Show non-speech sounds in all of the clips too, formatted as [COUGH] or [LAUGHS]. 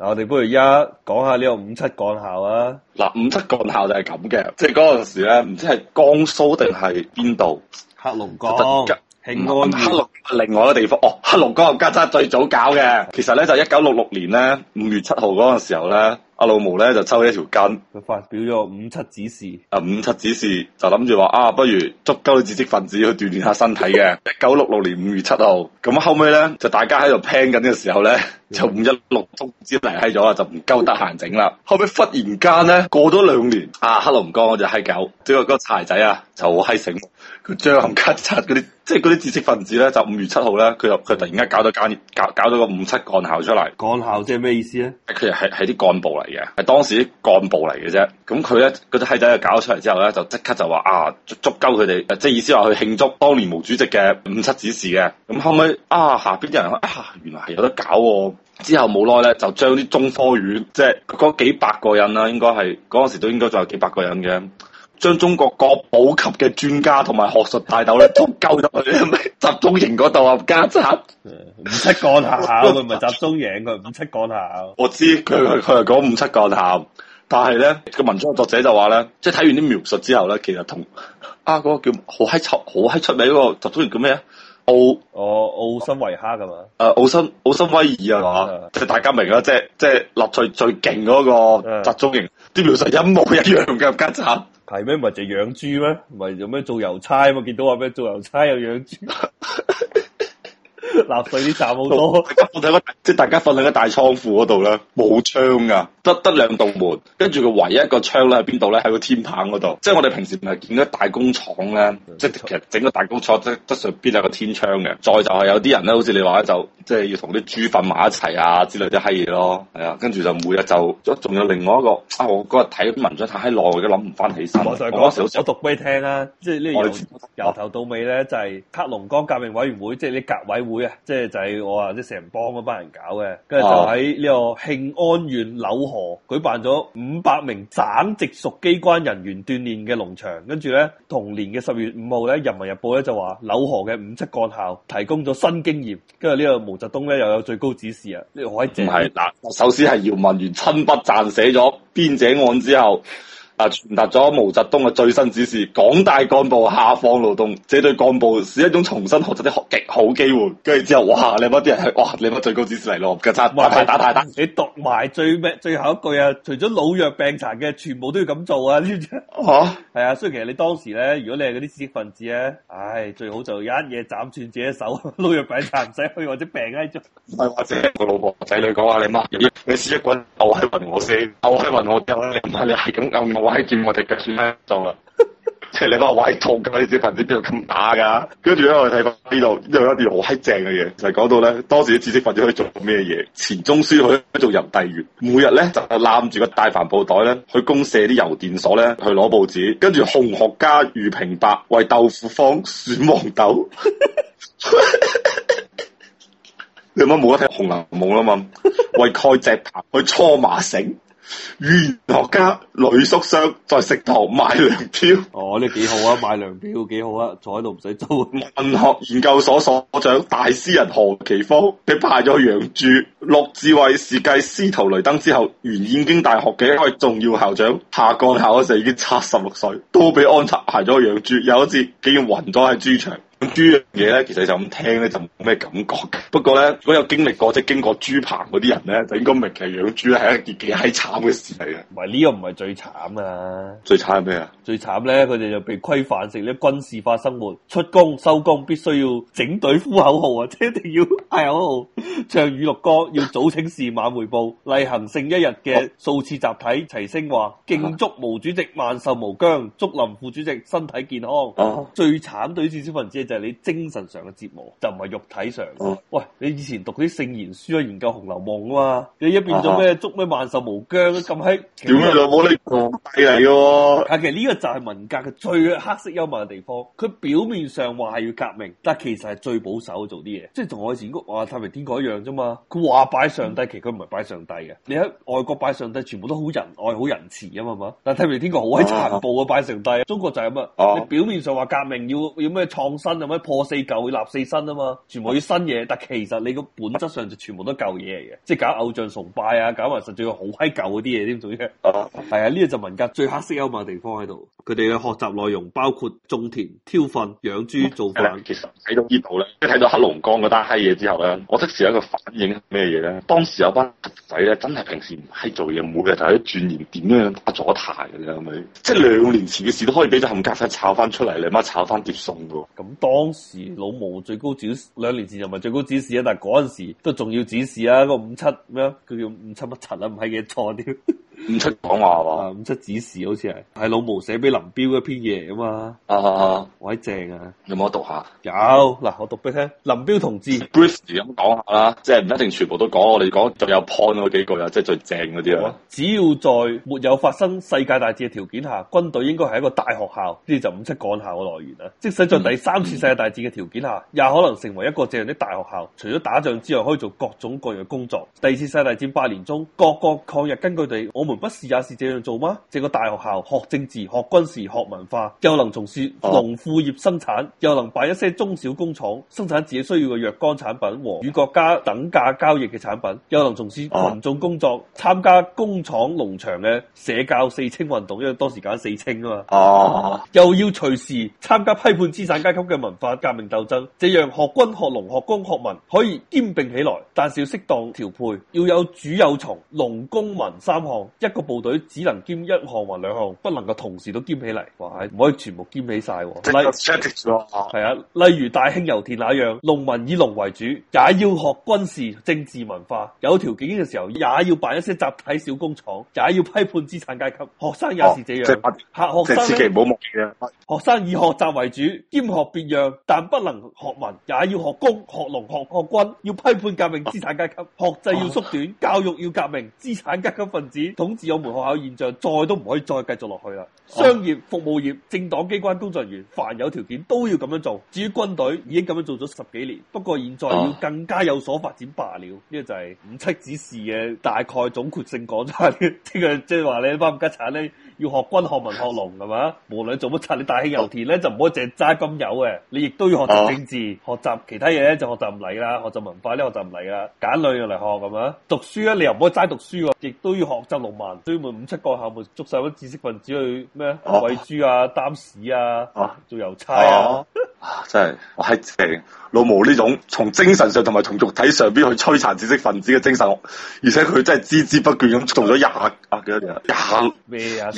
嗱，我哋不如現在講一下呢個五七幹校啊！嗱，五七幹校就係咁嘅，即係嗰陣時咧，唔知係江蘇定係邊度，黑龍江。平安黑龍，另外一個地方哦，黑龍江嗰個曱甴最早搞嘅， [LAUGHS] 其實咧就一九六六年咧五月七號嗰個時候咧，阿老毛咧就抽咗一條筋，佢發表咗五七指示，啊五七指示就諗住話啊，不如捉鳩啲知識分子去鍛煉下身體嘅，一九六六年五月七號，咁後尾咧就大家喺度拼緊嘅時候咧，五一六通招嚟，閪咗啊，就唔夠得閒整啦，後尾忽然間咧過咗兩年，啊黑龍江嗰隻閪狗，即係嗰個柴仔啊，就好閪醒，佢將咁曱甴嗰啲。 [LAUGHS] [LAUGHS] [LAUGHS] 即係嗰啲知識分子咧，就五月七號咧，佢就佢突然間搞到間搞搞到個五七幹校出嚟。幹校即係咩意思咧？佢係係啲幹部嚟嘅，係當時啲幹部嚟嘅啫。咁佢咧嗰啲閪仔就搞出嚟之後咧，就即刻就話啊，足祝賀佢哋，即係意思話去慶祝當年毛主席嘅五七指示嘅。咁後屘啊，下邊啲人啊，原來係有得搞，啊。之後冇耐咧，就將啲中科院，即係嗰幾百個人啦，應該係嗰陣時都應該仲有幾百個人嘅。將中國國寶級嘅專家同埋學術大斗咧，都救入去集中營嗰度咁滯，五七幹校，唔係集中營佢五七幹校。我知佢佢係講五七幹校，但係咧個文章作者就話咧，即係睇完啲描述之後咧，其實同啊嗰個叫好嗨好嗨出名嗰個集中營叫咩啊？奧，哦，奧斯維哈噶嘛？誒，奧斯奧斯威爾啊嘛？即係大家明啦，即係即係納粹最勁嗰個集中營，啲描述一模一樣嘅咁滯。係咩？唔係就養豬咩？唔係做咩做郵差嘛？見到話咩做郵差又養豬，垃圾啲站好多。即係大家瞓喺個大倉庫嗰度啦，冇窗噶。得得兩道門，跟住佢唯一一個窗咧喺邊度咧？喺個天棚嗰度。即係我哋平時唔係見到大工廠咧，即係其實整個大工廠都都上邊有個天窗嘅。再就係有啲人咧，好似你話咧，就即係要同啲豬瞓埋一齊啊之類啲閪嘢咯。係啊，跟住就每日就仲有另外一個啊！我嗰日睇啲文章太耐，都諗唔翻起身。我我讀俾你聽啦，即係呢個由頭到尾咧，就係黑龍江革命委員會，即係啲革委會啊，即係就係我啊，即係成幫嗰班人搞嘅，跟住就喺呢個慶安縣柳河舉辦咗五百名省直屬機關人員鍛鍊嘅農場，跟住咧同年嘅十月五號咧，《人民日報》咧就話柳河嘅五七幹校提供咗新經驗，跟住呢個毛澤東咧又有最高指示啊！呢、這個喺謝唔係嗱，首先係姚文元親筆撰寫咗《編者案》之後。啊！傳達咗毛澤東嘅最新指示，廣大幹部下放勞動，這對幹部是一種重新學習的學極好機會。跟住之後，哇！你乜啲人係哇？你乜最高指示嚟咯？跟住打牌打大單，你讀埋最咩最後一句啊？除咗老弱病殘嘅，全部都要咁做啊！知唔知吓？係啊，所以其實你當時咧，如果你係嗰啲知識分子咧，唉，最好就有一嘢斬斷自己手，老弱病殘唔使去或者病喺度，係話即係我老婆仔女講話你媽，你你一滾，我開運我先，我開運我先，你係咁暗我。威健，我哋嘅酸就啊！即係你個胃痛噶啲知識分子邊度咁打噶？跟住咧我哋睇翻呢度，呢度有一段好閪正嘅嘢，就係講到咧，當時啲知識分子可以做咩嘢？錢鍾書去做郵遞員，每日咧就攬住個大帆布袋咧去公社啲郵電所咧去攞報紙，跟住紅學家俞平伯為豆腐坊選黃豆，你乜冇得睇《紅樓夢》啊嘛？為蓋石棚去搓麻繩。語言學家呂叔湘、在食堂賣糧票，哦，呢幾好啊！賣糧票幾好啊！坐喺度唔使租。文學研究所所,所長大詩人何其芳被派咗去養豬。陸志韋係繼司徒雷登之後，原燕京大學嘅一位重要校長，下幹校嗰時候已經七十六歲，都俾安插排咗去養豬。有一次竟然暈咗喺豬場。豬嘢咧，其實就咁聽咧就冇咩感覺。不過咧，如果有經歷過即係經過豬棚嗰啲人咧，就應該明其實養豬係一件幾閪慘嘅事嚟嘅。唔係呢個唔係最慘啊！最慘係咩啊？最慘咧，佢哋就被規範成咧軍事化生活，出工收工必須要整隊呼口號啊，即一定要嗌口號，唱《語錄歌》，要早請示晚匯報，例行性一日嘅數次集體齊聲話，敬祝毛主席萬壽無疆，祝林副主席身體健康。最慘對住知識分子，就係你精神上嘅折磨，就唔係肉體上。喂，你以前讀啲聖賢書啊，研究《紅樓夢》噶嘛？你一變咗咩？捉咩萬壽無疆咁閪？點啊，老母你上帝嚟喎！其實呢個就係文革嘅最黑色幽默嘅地方。佢表面上話係要革命，但係其實係最保守做啲嘢，即係同我以前講話太平天國一樣啫嘛。佢話拜上帝，其實佢唔係拜上帝嘅。你喺外國拜上帝，全部都好仁愛，好仁慈啊嘛嘛。但係太平天國好鬼殘暴啊，拜上帝。中國就係咁啊，你表面上話革命要要咩創新？有咩破四舊立四新啊嘛？全部要新嘢，但其實你個本質上就全部都舊嘢嚟嘅，即係搞偶像崇拜啊搞，搞埋實最好閪舊嗰啲嘢添，仲要係啊！呢個、啊、就文革最黑色幽默嘅地方喺度，佢哋嘅學習內容包括種田、挑糞、養豬、做飯。嗯。嗯嗯、其實睇到呢度咧，即係睇到黑龍江嗰單嗨嘢之後咧，我即時有一個反應係咩嘢咧？當時有班仔咧，真係平時唔閪做嘢，每日就喺度鑽研點樣樣打左台嘅、啊、啦，咪即係兩年前嘅事都可以俾隻冚家鏟炒翻出嚟，你媽炒翻碟餸噶喎！咁多。嗯嗯當時老毛最高指示，兩年前又唔係最高指示啊，但係嗰陣時都仲要指示啊，嗰個五七咩啊，佢叫五七乜七啊，唔係嘢錯啲。 [LAUGHS] 五七講話喎，啊，五七指示好似係，係老毛寫俾林彪嗰篇嘢啊嘛，啊，喂正啊，有冇讀下？有，嗱，我讀俾你聽，林彪同志，brief 咁講下啦，即係唔一定全部都講，我哋講仲有 point 嗰幾句啊，即係最正嗰啲啦。只要在沒有發生世界大戰嘅條件下，軍隊應該係一個大學校，呢就五七幹校嘅來源啦。即使在第三次世界大戰嘅條件下，嗯嗯，也可能成為一個這樣嘅大學校，除咗打仗之外，可以做各種各樣工作。第二次世界大戰八年中，各個抗日根據地，我。唔不是也是這樣做嗎？這個大學校學政治、學軍事、學文化，又能從事農副業生產，又能辦一些中小工廠生產自己需要嘅若干產品和與國家等價交易嘅產品，又能從事群眾工作，參加工廠、農場嘅社教四清運動，因為當時搞四清啊嘛。哦、啊，又要隨時參加批判資產階級嘅文化革命鬥爭，這樣學軍、學農、學工、學民可以兼併起來，但是要適當調配，要有主有從，農、工、民三項。一個部隊只能兼一項或兩項，不能夠同時都兼起嚟，唔可以全部兼起晒。係啊，例如大慶油田那樣，農民以農為主，也要學軍事、政治、文化。有條件嘅時候，也要辦一些集體小工廠，也要批判資產階級。學生也是這樣，學生唔好忘啊。學生以學習為主，兼學別樣，但不能學文，也要學工、學農、學學軍，要批判革命資產階級。學制要縮短，教育要革命。資產階級分子自統治我們學校現象，再都唔可以再繼續落去啦。商業、服務業、政黨機關工作人員，凡有條件都要咁樣做。至於軍隊，已經咁樣做咗十幾年，不過現在要更加有所發展罷了。呢、這個就係五七指示嘅大概總括性講法。呢個即係話咧，你翻家產咧，要學軍、學文、學農，係嘛？無論做乜柒，你大慶油田咧就唔好淨揸金有嘅，你亦都要學習政治，學習其他嘢咧就學習唔嚟啦，學習文化咧就學習唔嚟啦，揀兩樣嚟學咁啊。讀書咧你又唔可以揸讀書，亦都要學習農。專門五七個幹校捉曬啲知識分子去咩啊？餵豬啊，擔屎啊，做郵差啊！ [LAUGHS] 啊！真係我閪正老毛呢種從精神上同埋從肉體上邊去摧殘知識分子嘅精神，而且佢真係孜孜不倦咁做咗廿啊幾多年，廿咩啊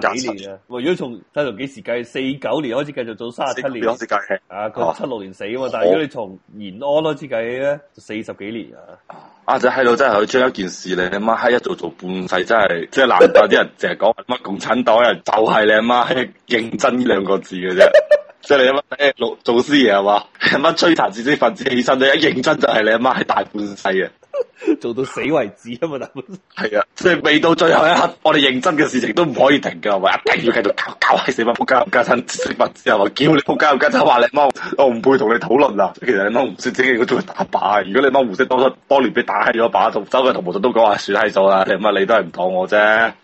廿幾年啊！如果從睇到幾時計？四九年開始繼續做三十七年，點樣計啊？七六年死嘛？啊、但係如果你從延安咯，開始計咧就四十幾年啊！阿仔喺度真係去將一件事咧，你阿媽喺一做做半世，真係即係難得啲人成日講乜共產黨啊，就係、是、你阿媽喺認真呢兩個字嘅啫。 [LAUGHS] 即係你阿媽做祖師爺係嘛，阿媽摧殘知識分子起身，你一認真就係你阿媽係大半世嘅。.做到死為止啊嘛！係啊，即係未到最後一刻，我哋認真嘅事情都唔可以停噶，係一定要喺度搞搞，搞死馬扑街，唔加親死物之後，叫你扑街又加親話你媽，我唔配同你討論啦。其實你媽唔識整嘢，我中意打靶。如果你媽唔識多出當年被，俾打閪咗靶，同周嘅同毛澤東講話算喺數啦。你乜你都係唔妥我啫？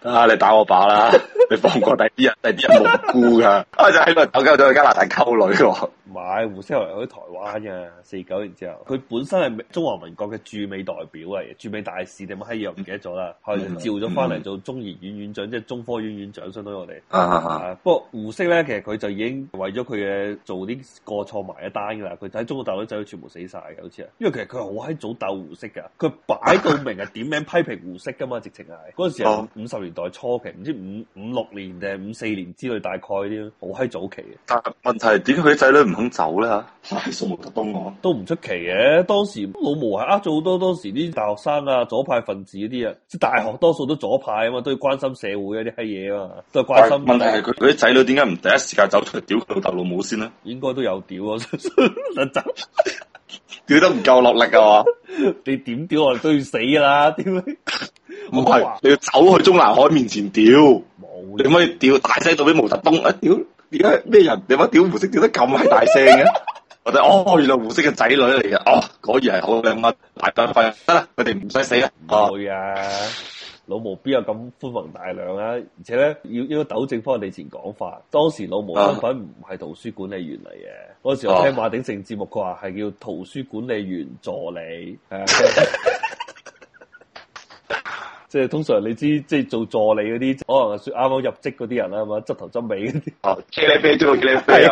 啊，你打我靶啦，你放過第啲人，第啲人無辜噶。 [LAUGHS] 我就喺度搞搞，走去加拿大溝女。買胡適又去台灣嘅四九年之後，佢本身係中華民國嘅駐美代表嚟嘅。駐美大使定乜閪嘢，我唔記得咗啦。後、嗯、來召咗翻嚟做中研院院長，嗯、即係中科院院長，相當於我哋。啊啊、不過胡適咧，其實佢就已經為咗佢嘅做啲過錯埋一單㗎。佢就喺中國大陸啲仔女全部死晒，嘅，好似啊。因為其實佢好閪早鬥胡適㗎，佢擺到明係點樣、啊、批評胡適㗎嘛，直情係嗰陣時五十年代初期，唔知五五六年定係五四年之類，大概啲好閪早期。但係問題點解佢仔女唔？想走啦太係毛澤東啊，都唔出奇嘅。當時老毛係呃咗好多，當時啲大學生啊，左派分子啲啊，人，大學多數都左派啊嘛，都要關心社會啊啲閪嘢啊嘛，都係關心。問題係佢啲仔女點解唔第一時間走出去屌佢老豆老母先咧？應該都有屌啊，但走屌得唔夠落力啊？ [LAUGHS] 力 [LAUGHS] 你點屌我哋都要死噶啦？點、啊？唔係 [LAUGHS] 是你要走去中南海面前屌，有你可唔可以屌大細度俾毛澤東啊屌？而家咩人？你話屌胡適屌得咁係大聲嘅？ [LAUGHS] 我哋哦，原來胡適嘅仔女嚟嘅。哦，果然係好兩乜？大德輝。啊，佢哋唔使死啦。唔會啊，啊老毛邊有咁寬宏大量啊？而且咧，要要糾正返以前講法，當時老毛根本唔係圖書管理員嚟嘅。嗰、啊、時我聽馬鼎盛節目，佢話係叫圖書管理員助理。啊 [LAUGHS] 即係通常你知，即係做助理嗰啲，可能啱啱入職嗰啲人啦，係嘛，執頭執尾啲 keep the book，keep the book 係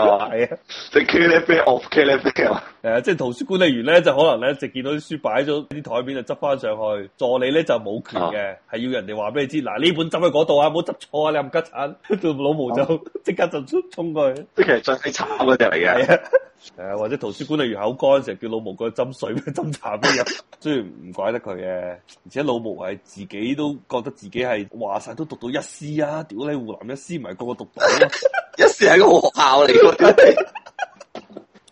啊，即係 keep the book off，keep the book 誒，即係圖書管理員咧，就可能咧，就直見到啲書擺咗啲台面，就執翻上去。助理咧就冇權嘅，係要人哋話俾你知，嗱呢本執喺嗰度啊，唔好執錯啊，你冚家鏟，老毛就即刻就衝衝過去。即係最慘嗰隻嚟嘅。誒，或者圖書館例如口乾成日叫老毛過去斟水咩斟茶俾飲，雖然唔怪得佢嘅，而且老毛係自己都覺得自己係話晒都讀到一師啊，屌你 [LAUGHS] 湖南一師唔係個個讀到、啊， [LAUGHS] 一師係個學校嚟。 [LAUGHS] [LAUGHS]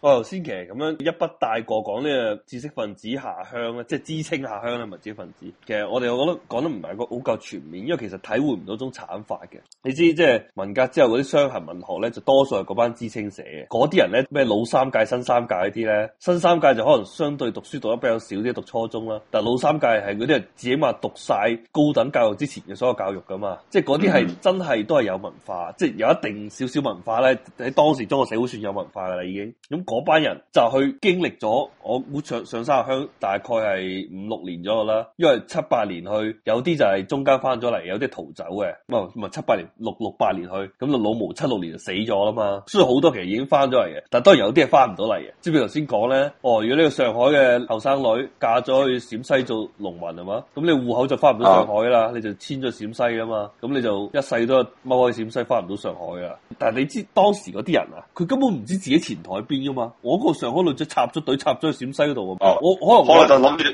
我頭先其實咁樣一筆帶過講呢個知識分子下鄉咧，即係知青下鄉啦，文知分子。其實我哋我覺得講得唔係個好夠全面，因為其實體會唔到種慘法嘅。你知即係、就是、文革之後嗰啲傷痕文學咧，就多數係嗰班知青寫嘅。嗰啲人咧咩老三屆、新三屆呢啲咧？新三屆就可能相對讀書讀得比較少啲，讀初中啦。但係老三屆係嗰啲係自起碼讀晒高等教育之前嘅所有教育噶嘛。即係嗰啲係真係都係有文化，嗯、即係有一定少少文化咧喺當時中國社會算有文化㗎啦已經。咁、嗯。嗰班人就去經歷咗，我估上上山下鄉大概係五六年左右啦，因為七八年去，有啲就係中間翻咗嚟，有啲逃走嘅，唔係七八年六六八年去，咁就老毛七六年就死咗啦嘛，所以好多其實已經翻咗嚟嘅，但係當然有啲係翻唔到嚟嘅。之前頭先講咧，哦，如果呢個上海嘅後生女嫁咗去陝西做農民啊嘛，咁你戶口就翻唔到上海啦，你就遷咗陝西啊嘛，咁你就一世都踎喺陝西翻唔到上海啊。但係你知當時嗰啲人啊，佢根本唔知自己前台邊啊嘛。我個上海女仔插咗隊，插咗去陝西嗰度啊，啊！我可能我就諗住一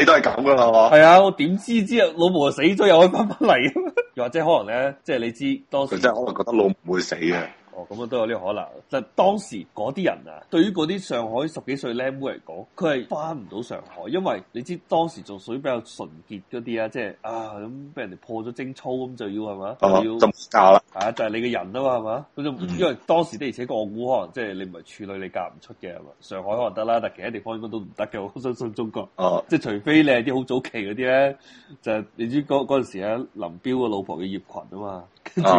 世都係咁噶啦，係嘛？係啊，我點知之後老婆就死咗，又可以翻翻嚟，又 [LAUGHS] [LAUGHS] 或者可能咧，即係你知當時真係可能覺得老婆唔會死啊。哦，咁啊都有呢可能，就係當時嗰啲人啊，對於嗰啲上海十幾歲靚妹嚟講，佢係翻唔到上海，因為你知當時仲屬於比較純潔嗰啲啊，即係啊咁俾人哋破咗貞操咁就要係嘛，就要嫁啦嚇，就係、是、你嘅人啊嘛，係嘛？咁就、嗯、因為當時的而且確，我估可能即係你唔係處女，你嫁唔出嘅係嘛？上海可能得啦，但係其他地方應該都唔得嘅。我相信中國哦，啊、即係除非你係啲好早期嗰啲咧，就係、是、你知嗰嗰陣時咧、啊，林彪嘅老婆叫葉羣啊嘛。跟住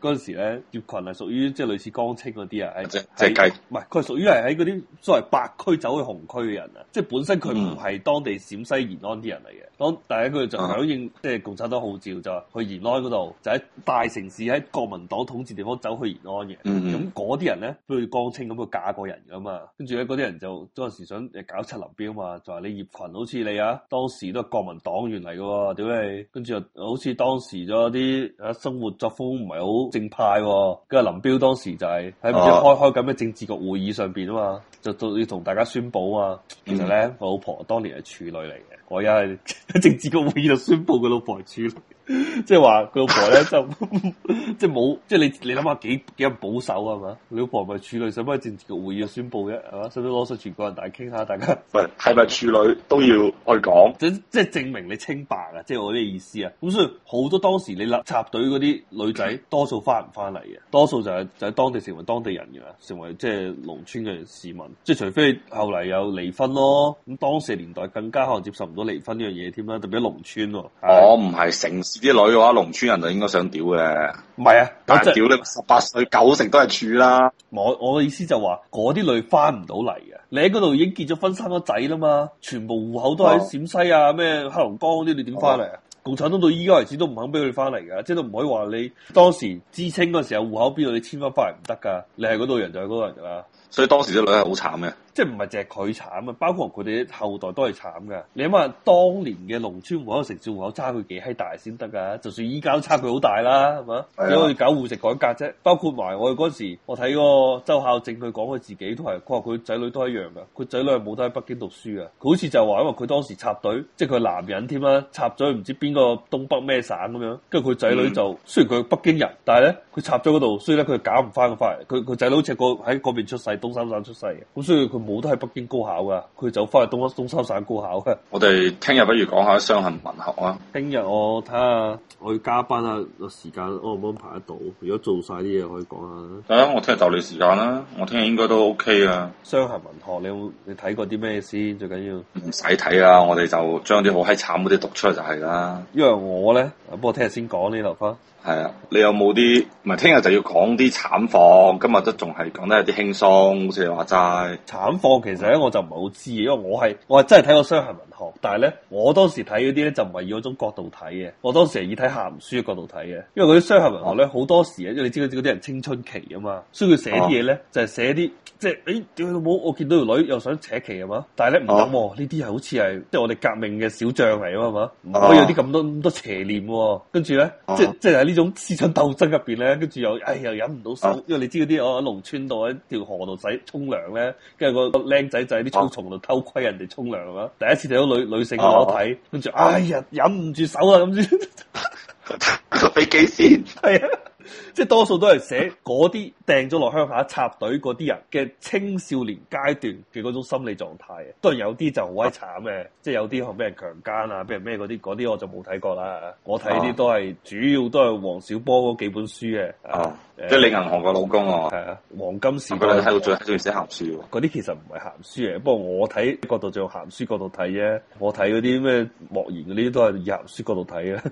嗰陣時咧，葉群係屬於即係類似江青嗰啲啊，即係雞唔係佢係屬於係喺嗰啲所謂白區走去紅區嘅人啊，即係本身佢唔係當地陝西延安啲人嚟嘅，當第一佢就響應即係共產黨號召，就話去延安嗰度，就喺大城市喺國民黨統治地方走去延安嘅，咁嗰啲人咧都係江青咁去嫁過人噶嘛，跟住咧嗰啲人就嗰陣時想誒搞七林彪嘛，就話你葉群好似你啊，當時都係國民黨員嚟嘅喎，點嚟？跟住好似當時咗啲誒生活在。夫唔係好正派，跟住林彪當時就係喺唔知開、啊、開咁嘅政治局會議上邊啊嘛，就到要同大家宣布啊，其實咧我老婆當年係處女嚟嘅，我而家係喺政治局會議就宣布佢老婆係處女。即係話佢老婆咧就即係冇即係你你諗下幾幾咁保守係嘛？佢老婆咪處女，使乜政治局會議宣布嘅係嘛？使唔使攞晒全國人大傾下？大家唔係咪處女、嗯、都要去講？即即係證明你清白啊！即、就、係、是、我啲意思啊！咁所以好多當時你立插隊嗰啲女仔、嗯，多數翻唔翻嚟嘅，多數就係就喺當地成為當地人嘅啦，成為即係農村嘅市民。即係除非後嚟有離婚咯。咁當時年代更加可能接受唔到離婚呢樣嘢添啦，特別喺農村。我唔係城市。啲女嘅話，農村人就應該想屌嘅，唔係啊，但係屌你十八歲 [LAUGHS] 九成都係處啦。我我嘅意思就話，嗰啲女翻唔到嚟嘅，你喺嗰度已經結咗婚生咗仔啦嘛，全部戶口都喺陝西啊，咩、哦、黑龍江啲，你點翻嚟啊？哦、共產黨到依家為止都唔肯俾佢翻嚟嘅，即係都唔可以話你當時知青嗰時候戶口邊度你簽翻翻嚟唔得噶，你係嗰度人就係嗰度人噶啦。所以當時啲女係好慘嘅。即係唔係淨係佢慘啊？包括佢哋啲後代都係慘噶。你諗下，當年嘅農村戶口、城市戶口差距幾閪大先得啊？就算依家都差距好大啦，係嘛？點可以搞戶籍改革啫？包括埋我哋嗰陣時，我睇個周孝正，佢講佢自己都係，佢話佢仔女都係一樣噶。佢仔女係冇得喺北京讀書啊。佢好似就話因為佢當時插隊，即係佢係男人添啦，插咗唔知邊個東北咩省咁樣，跟住佢仔女就、嗯、雖然佢係北京人，但係咧佢插咗嗰度，所以咧佢搞唔翻個翻嚟。佢佢仔女好似喺嗰邊出世，東三省出世嘅，咁所以佢。冇都喺北京高考噶，佢走翻去東東三省高考。我哋聽日不如講下傷痕文學啊！聽日我睇下我要加班啊，時間安唔安排得到？如果做晒啲嘢，可以講下啦。得、啊、我聽日就你時間啦，我聽日應該都 OK 啊！傷痕文學你有你睇過啲咩先？最緊要唔使睇啦，我哋就將啲好閪慘嗰啲讀出嚟就係啦。因為我咧，不過聽日先講呢，留翻。係啊，你有冇啲？唔係聽日就要講啲慘況，今日都仲係講得有啲輕鬆，好似話齋。慘況其實咧，我就唔係好知，因為我係我係真係睇過傷痕文學，但係咧我當時睇嗰啲咧就唔係以嗰種角度睇嘅，我當時係以睇鹹書嘅角度睇嘅，因為嗰啲傷痕文學咧好、啊、多時啊，因為你知道知嗰啲人青春期啊嘛，所以佢寫啲嘢咧就係寫啲即係誒屌你老母，我見到條女又想扯旗啊嘛，但係咧唔得，呢啲係好似係即係我哋革命嘅小將嚟啊嘛，我有啲咁多咁多邪念、啊，跟住咧即係即係喺呢。即這種思想鬥爭入邊咧，跟住又，哎呀，忍唔到手，啊、因為你知嗰啲人喺農村度喺條河度洗沖涼咧，跟住個僆仔就喺啲草叢度偷窺人哋沖涼啊，第一次睇到女女性我睇跟住，哎呀，忍唔住手啊，咁樣，飛機先，係啊。 [LAUGHS] [LAUGHS] 次即係多數都係寫嗰啲掟咗落鄉下插隊嗰啲人嘅青少年階段嘅嗰種心理狀態啊，都係有啲就好鬼慘嘅，即係有啲可能俾人強姦啊，俾人咩嗰啲，嗰啲我就冇睇過啦。我睇啲都係主要都係王小波嗰幾本書嘅， [LAUGHS] 啊、即係你銀行嘅老公啊。係啊，黃金時代。不過你睇到最中意寫鹹書，嗰啲其實唔係鹹書嘅，不過我睇角度就鹹書角度睇啫。我睇嗰啲咩莫言嗰啲都係以鹹書角度睇嘅。 [LAUGHS]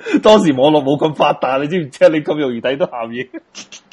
[LAUGHS] 當時網絡冇咁發達，你知唔知？你咁容易睇到鹹嘢。 [LAUGHS]